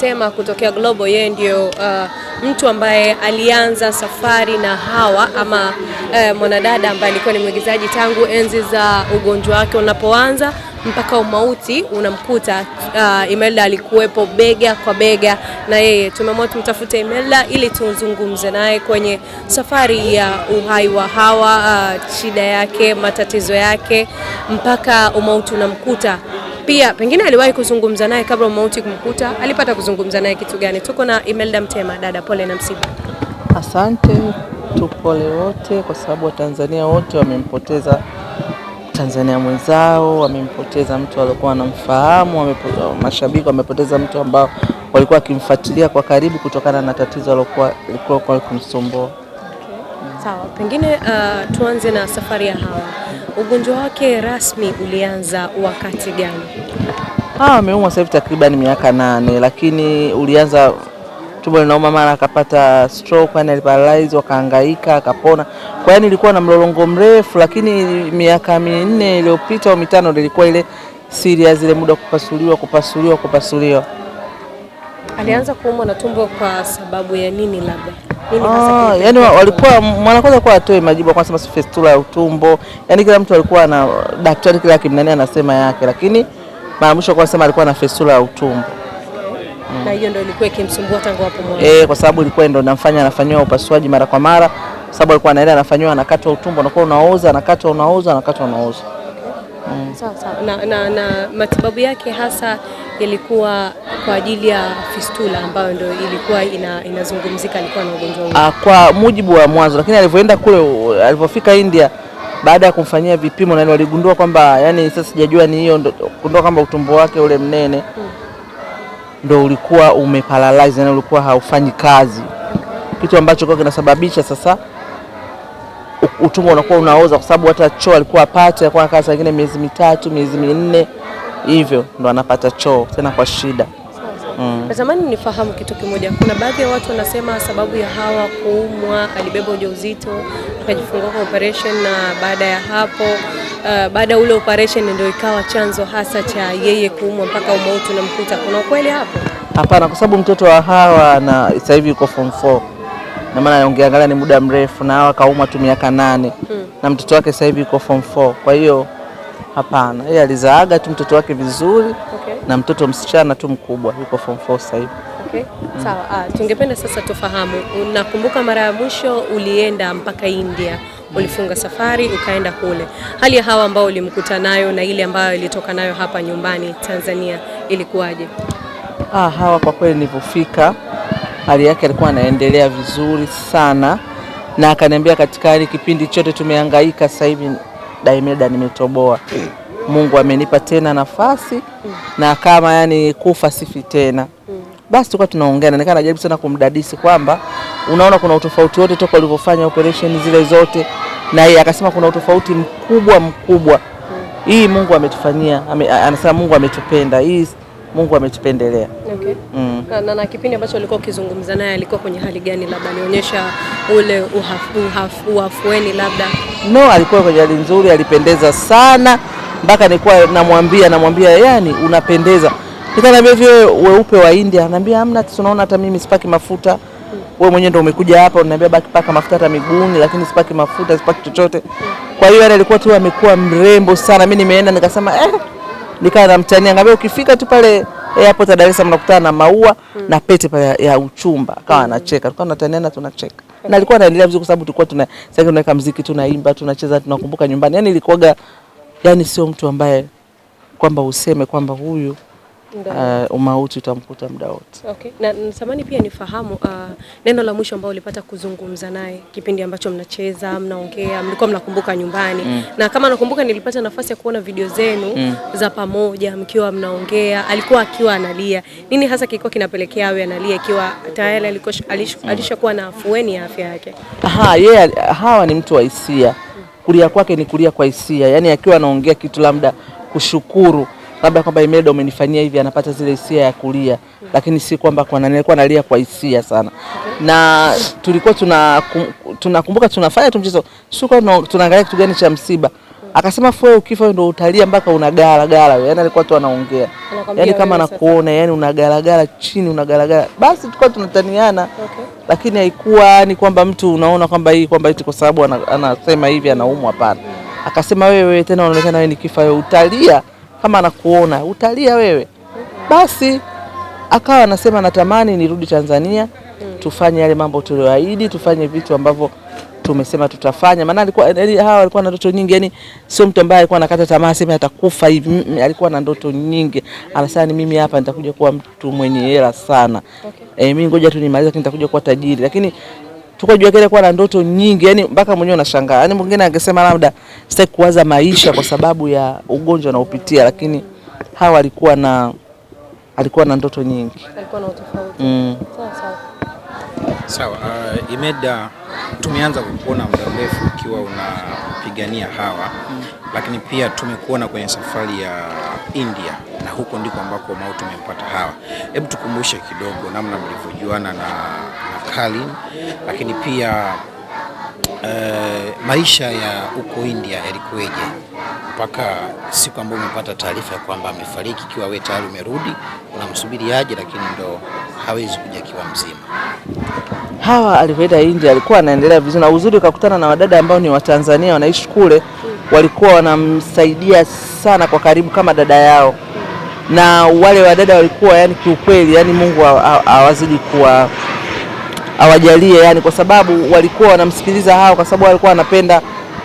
Tema kutokea Global, yeye ndio uh, mtu ambaye alianza safari na Hawa ama uh, mwanadada ambaye alikuwa ni mwigizaji tangu enzi za ugonjwa wake unapoanza mpaka umauti unamkuta. Uh, Imelda alikuwepo bega kwa bega na yeye. Tumeamua tumtafute Imelda ili tuzungumze naye kwenye safari ya uhai wa Hawa, uh, shida yake, matatizo yake mpaka umauti unamkuta. Pia pengine aliwahi kuzungumza naye kabla mauti kumkuta, alipata kuzungumza naye kitu gani? Tuko na Imelda Mtema. Dada, pole na msiba. Asante, tupole wote kwa sababu Watanzania wote wamempoteza Tanzania mwenzao, wamempoteza mtu aliokuwa anamfahamu, mashabiki wamepoteza mtu ambao walikuwa wakimfuatilia kwa karibu kutokana na tatizo lilokuwa kumsumbua. Sawa, pengine uh, tuanze na safari ya Hawa. Ugonjwa wake rasmi ulianza wakati gani? Hawa ah, ameumwa sasa hivi takriban miaka nane, lakini ulianza tumbo linauma, mara akapata stroke, yani aliparalyze, akahangaika, akapona. Kwa hiyo ilikuwa na mlolongo mrefu, lakini miaka minne iliyopita au mitano ilikuwa ile siria zile muda kupasuliwa, kupasuliwa, kupasuliwa. Alianza kuumwa na tumbo kwa sababu ya nini labda? Ah, yani walikuwa mwanakwanza kuwa atoe majibu kwa sema fistula ya utumbo, yani kila mtu alikuwa na daktari kila kimnani anasema yake, lakini mara mwisho kwa sema alikuwa na fistula ya utumbo mm. na hiyo ndio ilikuwa ikimsumbua tangu hapo mwanzo. Eh, kwa sababu ilikuwa ndio namfanya anafanyiwa upasuaji mara kwa mara, kwa sababu alikuwa anaenda anafanyiwa anakatwa utumbo, anakuwa unaoza, anakatwa unaoza, anakatwa unaoza. Sawa sawa. Na, na, na matibabu yake hasa ilikuwa kwa ajili ya fistula ambayo ndio ilikuwa ina, inazungumzika alikuwa na ugonjwa huo ah, kwa mujibu wa mwanzo, lakini alivyoenda kule, alivyofika India baada ya kumfanyia vipimo na waligundua kwamba yani, sasa sijajua ni hiyo, kundua kwamba utumbo wake ule mnene hmm, ndo ulikuwa umeparalyze, yani ulikuwa haufanyi kazi, kitu ambacho kwa kinasababisha sasa utumbo unakuwa unaoza, kwa sababu hata choo alikuwa apate, alikuwa anakaa saa nyingine miezi mitatu, miezi minne hivyo ndo anapata choo tena kwa shida. Mm. nifahamu kitu kimoja. Kuna baadhi ya watu wanasema sababu ya Hawa kuumwa alibeba ujauzito akajifungua kwa operation, na baada ya hapo uh, baada ya ule operation ndio ikawa chanzo hasa cha yeye kuumwa mpaka umauti unamkuta. Kuna ukweli hapo? Hapana, kwa sababu mtoto wa Hawa na sasa hivi yuko form 4 na maana ungeangalia ni muda mrefu, na Hawa kaumwa tu miaka nane mm. na mtoto wake sasa hivi yuko form 4 kwa hiyo Hapana, yeye alizaaga tu mtoto wake vizuri okay. na mtoto msichana tu mkubwa yuko form 4 sasa hivi. Okay. Mm. Sawa. Ah, tungependa sasa tufahamu, unakumbuka mara ya mwisho ulienda mpaka India, ulifunga safari ukaenda kule, hali ya hawa ambao ulimkuta nayo na ile ambayo ilitoka nayo hapa nyumbani Tanzania ilikuwaje? Ah, hawa kwa kweli nilipofika hali yake alikuwa anaendelea vizuri sana, na akaniambia katika hali kipindi chote tumehangaika, sasa hivi Daimeda nimetoboa. Mungu amenipa tena nafasi na kama yani kufa sifi tena. Basi tukawa tunaongea na nikaa najaribu sana kumdadisi kwamba unaona kuna utofauti wote toka ulivyofanya operation zile zote, na yeye akasema kuna utofauti mkubwa mkubwa. Hii Mungu ametufanyia, anasema Mungu ametupenda hii Mungu ametupendelea. Okay. Mm. Na, na kipindi ambacho ulikuwa ukizungumza naye alikuwa kwenye hali gani? Labda alionyesha ule uafueni labda? No, alikuwa kwenye hali nzuri, alipendeza sana mpaka nilikuwa namwambia namwambia, yani unapendeza, nikanambia hivyo weupe wa India, naambia amna, tunaona hata mimi sipaki mafuta mm. wewe mwenyewe ndio umekuja hapa unaniambia baki paka mafuta hata miguuni, lakini sipaki mafuta sipaki chochote. Kwa hiyo yeye alikuwa tu amekuwa mrembo sana. Mimi nimeenda nikasema eh, nikawa namtania ngambia, ukifika tu pale airport ya Dar es Salaam nakutana na maua mm. na pete pale ya uchumba, akawa hmm. anacheka, tukawa tunataniana tunacheka okay. na alikuwa anaendelea vizuri, kwa sababu tulikuwa tuna sasa tunaweka muziki, tunaimba, tunacheza, tunakumbuka nyumbani. Yani ilikuwaga, yani sio mtu ambaye kwamba useme kwamba huyu uh, eh, umauti utamkuta muda wote. Okay. Na natamani pia nifahamu uh, neno la mwisho ambao ulipata kuzungumza naye kipindi ambacho mnacheza, mnaongea, mlikuwa mnakumbuka nyumbani mm. na kama nakumbuka, nilipata nafasi ya kuona video zenu mm. za pamoja mkiwa mnaongea, alikuwa akiwa analia. Nini hasa kilikuwa kinapelekea awe analia ikiwa tayari mm. alishakuwa na afueni ya afya yake? Aha, yeah, hawa ni mtu wa hisia, mm. kulia kwake ni kulia kwa hisia, yaani akiwa anaongea kitu labda kushukuru labda kwamba Imelda umenifanyia hivi, anapata zile hisia ya kulia, lakini si kwamba kwa nani, alikuwa analia kwa hisia sana. Na tulikuwa tuna tunakumbuka tunafanya tu mchezo, sio kwamba tunaangalia kitu gani cha msiba. Akasema fue ukifa ndio utalia mpaka unagalagala wewe. Yani alikuwa tu anaongea, yani kama nakuona, yani unagalagala chini, unagalagala. Basi tulikuwa tunataniana okay. Lakini haikuwa ni kwamba mtu unaona kwamba hii kwamba eti kwa sababu anasema hivi anaumwa, hapana. Akasema wewe tena unaonekana wewe ni kifa, wewe utalia kama anakuona utalia wewe. Basi akawa anasema natamani nirudi Tanzania mm. tufanye yale mambo tulioahidi, tufanye vitu ambavyo tumesema tutafanya. Maana alikuwa hawa walikuwa na ndoto nyingi, yani sio mtu ambaye alikuwa anakata tamaa sema atakufa hivi. Mm, mm, alikuwa na ndoto nyingi, anasema ni mimi hapa nitakuja kuwa mtu mwenye hela sana. Okay. E, mimi ngoja tu nimalize, nitakuja kuwa tajiri, lakini Tuko jua kile kwa na ndoto nyingi, yani mpaka mwenyewe unashangaa. Yani mwingine angesema labda sitaki kuwaza maisha kwa sababu ya ugonjwa unaopitia, lakini hawa alikuwa na alikuwa na ndoto nyingi. Alikuwa na utofauti. Mm. Sawa sawa. Sawa, uh, Imeda, tumeanza kukuona muda mrefu ukiwa unapigania hawa mm. Lakini pia tumekuona kwenye safari ya India na huko ndiko ambako mauti tumempata hawa. Hebu tukumbushe kidogo namna mlivyojuana na serikali, lakini pia uh, maisha ya huko India yalikuweje mpaka siku ambayo umepata taarifa ya kwamba amefariki, ikiwa wewe tayari umerudi unamsubiri aje, lakini ndo hawezi kuja akiwa mzima. Hawa alivyoenda India alikuwa anaendelea vizuri, na uzuri ukakutana na wadada ambao ni Watanzania wanaishi kule, walikuwa wanamsaidia sana kwa karibu kama dada yao, na wale wadada walikuwa yani, kiukweli yani Mungu awazidi kuwa awajalie yani, kwa sababu walikuwa wanamsikiliza hao, kwa sababu walikuwa wanapenda,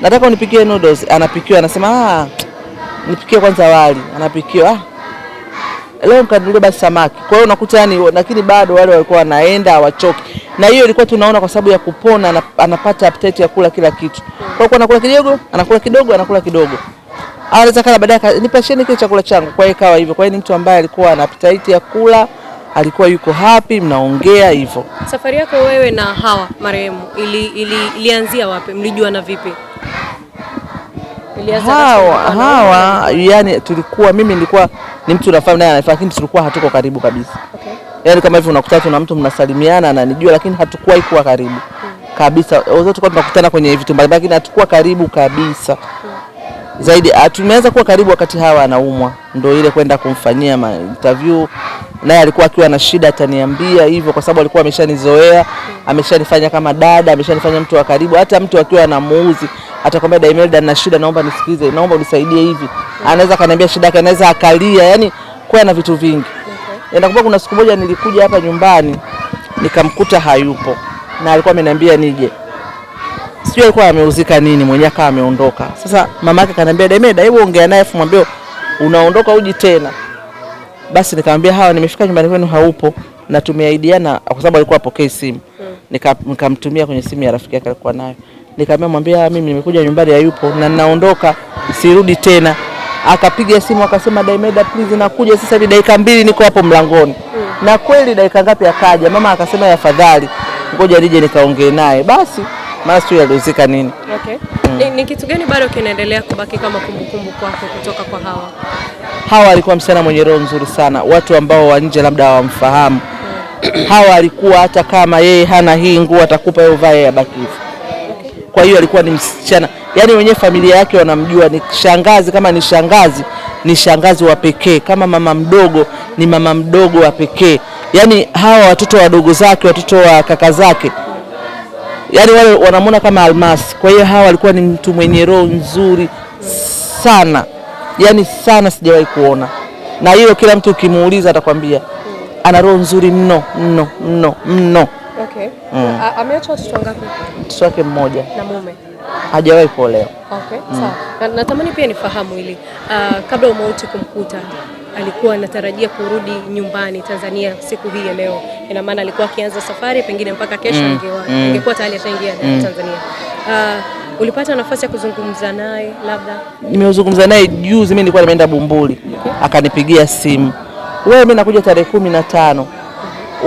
nataka unipikie noodles, anapikiwa, anasema ah, nipikie kwanza wali, anapikiwa ah, leo mkanunulie basi samaki. Kwa hiyo unakuta yani, lakini bado wale walikuwa wanaenda hawachoki, na hiyo ilikuwa tunaona kwa sababu ya kupona, anapata appetite ya kula kila kitu. Kwa hiyo anakula kidogo, anakula kidogo, anakula kidogo anaweza kala baadaye, nipasheni kile chakula changu. Kwa hiyo ikawa hivyo. Kwa hiyo ni mtu ambaye alikuwa ana appetite ya kula alikuwa yuko hapi, mnaongea hivyo. Safari yako wewe na Hawa marehemu ili, ili, ilianzia wapi? Mlijuana vipi? Hawa, Hawa yani tulikuwa mimi nilikuwa ni mtu nafahamu naye anafahamu, lakini tulikuwa hatuko karibu kabisa. Okay. Yani kama hivyo unakutana na mtu mnasalimiana, ananijua lakini hatukuwahi kuwa karibu hmm, kabisa. Tulikuwa tunakutana kwenye vitu mbalimbali, lakini hatukuwa karibu kabisa zaidi. Ah, tumeanza kuwa karibu wakati hawa anaumwa, ndio ile kwenda kumfanyia interview, naye alikuwa akiwa na shida ataniambia hivyo, kwa sababu alikuwa ameshanizoea, ameshanifanya kama dada, ameshanifanya mtu wa karibu. Hata mtu akiwa anamuuzi atakwambia, Daimelda, na shida, naomba nisikilize, naomba unisaidie hivi. Anaweza kaniambia shida yake, anaweza akalia, yani kwa na vitu vingi. Nakumbuka kuna siku moja nilikuja hapa nyumbani nikamkuta hayupo, na alikuwa ameniambia nije sijui alikuwa ameuzika nini, mwenyewe akawa ameondoka. Sasa mama mamake kaniambia, Demeda, hebu ongea naye afu mwambie unaondoka uji tena. Basi nikamwambia hawa, nimefika nyumbani kwenu haupo, na tumeaidiana kwa sababu alikuwa apokee simu hmm. nikamtumia nika kwenye simu ya rafiki yake alikuwa nayo, nikamwambia mwambia, ah, mimi nimekuja nyumbani hayupo na ninaondoka, sirudi tena. Akapiga simu akasema, Daimeda please, nakuja sasa hivi, dakika mbili niko hapo mlangoni. Hmm. na kweli dakika ngapi akaja mama, akasema afadhali ngoja nije nikaongee naye basi masu yaliuzika nini. Okay. Mm. Ni, ni kitu gani bado kinaendelea kubaki kama kumbukumbu kwako kutoka kwa Hawa? Hawa alikuwa msichana mwenye roho nzuri sana, watu ambao wa nje labda hawamfahamu. Mm. Hawa alikuwa hata kama yeye hana hii nguo atakupa yeye uvae ya baki Kwa hiyo alikuwa ni msichana yaani wenyewe familia yake wanamjua ni shangazi, kama ni shangazi ni shangazi wa pekee, kama mama mdogo ni mama mdogo wa pekee. Yaani hawa watoto wadogo zake, watoto wa kaka zake yani wale wanamwona kama almasi. Kwa hiyo hawa walikuwa ni mtu mwenye roho nzuri sana, yani sana, sijawahi kuona na hiyo Kila mtu ukimuuliza atakwambia ana roho nzuri mno mno mno mno. Okay. Mm. Ameacha watoto wangapi? Mtoto wake mmoja na mume hajawahi kuolewa. Okay. Mm. Na natamani pia nifahamu hili uh, kabla umauti kumkuta alikuwa anatarajia kurudi nyumbani Tanzania siku hii ya leo, ina maana alikuwa akianza safari pengine mpaka kesho mm, mm. angekuwa mm. tayari ataingia mm. Tanzania. Uh, ulipata nafasi ya kuzungumza naye labda? Nimezungumza naye juzi, mimi nilikuwa nimeenda Bumbuli okay. Akanipigia simu, wewe, mimi nakuja tarehe kumi na tano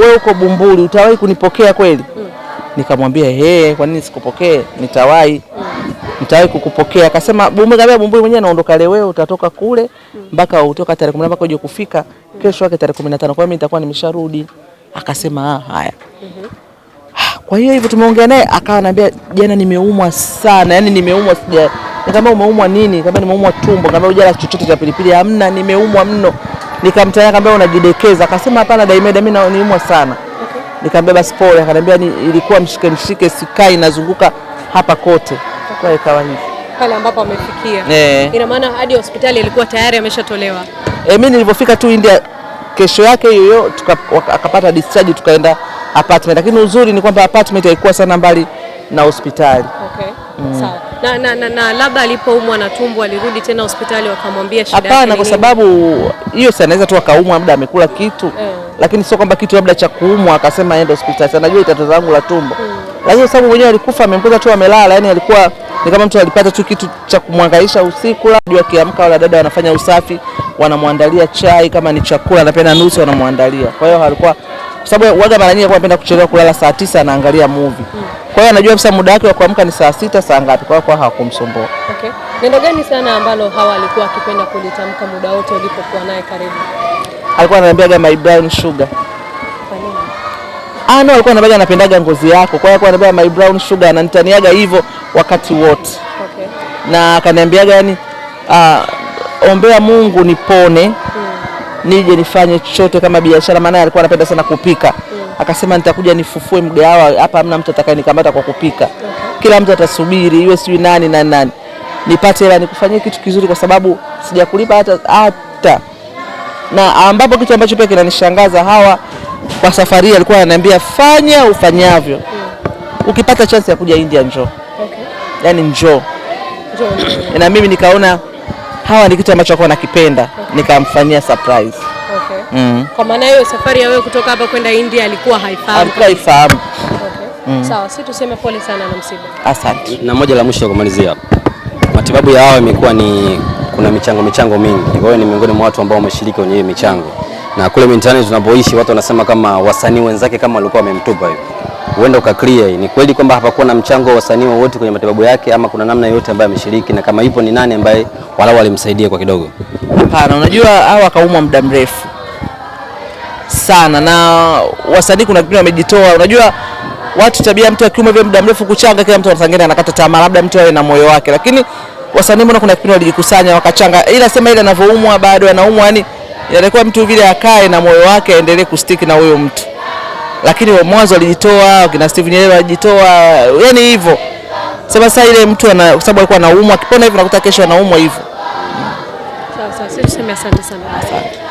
wewe uko Bumbuli, utawahi kunipokea kweli? mm. Nikamwambia hey, kwa nini sikupokee? Nitawahi mm. nitawahi kukupokea. Akasema Bumbuli, Bumbuli mwenyewe naondoka leo, wewe utatoka kule mm. mpaka mm. utoka tarehe 10 mpaka uje kufika kesho yake tarehe 15. Kwa hiyo mimi nitakuwa nimesharudi. Akasema ah, haya. Mhm. Kwa hiyo hivyo tumeongea naye, akawa anambia jana nimeumwa sana, yani nimeumwa sija. Nikamwambia umeumwa nini? Nikamwambia nimeumwa tumbo. Nikamwambia hujala chochote cha pilipili? Hamna, nimeumwa mno. Nikamtania, nikamwambia unajidekeza. Akasema hapana, Daimeda, mimi naumwa sana. Okay. Nikamwambia basi pole. Akaniambia ilikuwa mshike mshike, sikai nazunguka hapa kote. Kwa hiyo ikawa hivyo pale ambapo amefikia. Eh. Ina maana hadi hospitali ilikuwa tayari ameshatolewa. Eh, mimi nilipofika tu India kesho yake hiyo akapata discharge tukaenda apartment, lakini uzuri ni kwamba apartment haikuwa sana mbali na hospitali. Okay. Mm. Na, na, na, na labda alipoumwa na tumbo alirudi tena hospitali wakamwambia shida yake. Hapana, kwa sababu hiyo si anaweza tu akaumwa labda amekula kitu eh, lakini sio kwamba kitu labda cha kuumwa akasema aende hospitali, anajua itatizo langu la tumbo mm. Lakini sababu mwenyewe alikufa amempoza tu amelala, yani alikuwa ni kama mtu alipata tu kitu cha kumwangaisha usiku, labda akiamka, wala dada wanafanya usafi, wanamwandalia chai, kama ni chakula anapenda nusu, wanamwandalia. Kwa hiyo alikuwa kwa sababu waga mara nyingi anapenda kuchelewa kulala saa tisa, anaangalia movie. Kwa hiyo anajua sasa muda wake wa kuamka ni saa sita, saa ngapi, kwa hiyo kwa hakumsumbua. Okay. Neno gani sana ambalo Hawa alikuwa akipenda kulitamka muda wote ulipokuwa naye karibu? Alikuwa ananiambiaga my brown sugar Ano ah, alikuwa anabaga anapendaga ngozi yako, kwa hiyo alikuwa my brown sugar ananitaniaga hivyo wakati wote okay. Na akaniambiaga yani, uh, ombea Mungu nipone mm. nije nifanye chochote kama biashara, maana alikuwa anapenda sana kupika mm. Akasema nitakuja nifufue mgawa hapa, hamna mtu atakayenikamata kwa kupika okay. Kila mtu atasubiri iwe sijui nani na nani, nipate hela nikufanyie kitu kizuri, kwa sababu sijakulipa hata hata. Na ambapo kitu ambacho pia kinanishangaza hawa kwa safari alikuwa ananiambia fanya ufanyavyo, mm. Ukipata chance ya kuja India njoo, okay. Yani njoo na mimi nikaona hawa ni kitu ambacho alikuwa nakipenda, okay. Nikamfanyia surprise. Okay. Mm. Kwa maana hiyo safari ya wewe kutoka hapa kwenda India alikuwa haifahamu. Alikuwa haifahamu. Okay. Mm. Sawa, si tuseme pole sana na msiba. Asante. Na moja la mwisho kumalizia. Matibabu ya hawa imekuwa ni kuna michango michango mingi. Kwa hiyo ni miongoni mwa watu ambao wameshiriki kwenye hiyo michango na kule mitaani tunapoishi watu wanasema kama wasanii wenzake kama walikuwa wamemtupa hivi. Huenda ukaclear ni kweli kwamba hapakuwa na mchango wa wasanii wowote kwenye matibabu yake, ama kuna namna yoyote ambayo ameshiriki, na kama ipo ni nani ambaye walau alimsaidia kwa kidogo? Hapana, unajua hawa akaumwa muda mrefu sana, na wasanii kuna kipindi wamejitoa. Unajua watu tabia, mtu akiumwa vile muda mrefu kuchanga, kila mtu anatangana anakata tamaa, labda mtu awe na moyo wake, lakini wasanii mbona kuna kipindi walijikusanya wakachanga, ila sema ile anavyoumwa bado anaumwa yani yatakiwa mtu vile akae na moyo wake aendelee kustiki na huyo mtu, lakini wa mwanzo alijitoa, kina steve Nyerere alijitoa, yani hivyo sasa. Sasa ile mtu ana kwa sababu alikuwa anaumwa, akipona hivyo nakuta kesho anaumwa hivyo. Sawa sawa, sisi tuseme asante sana.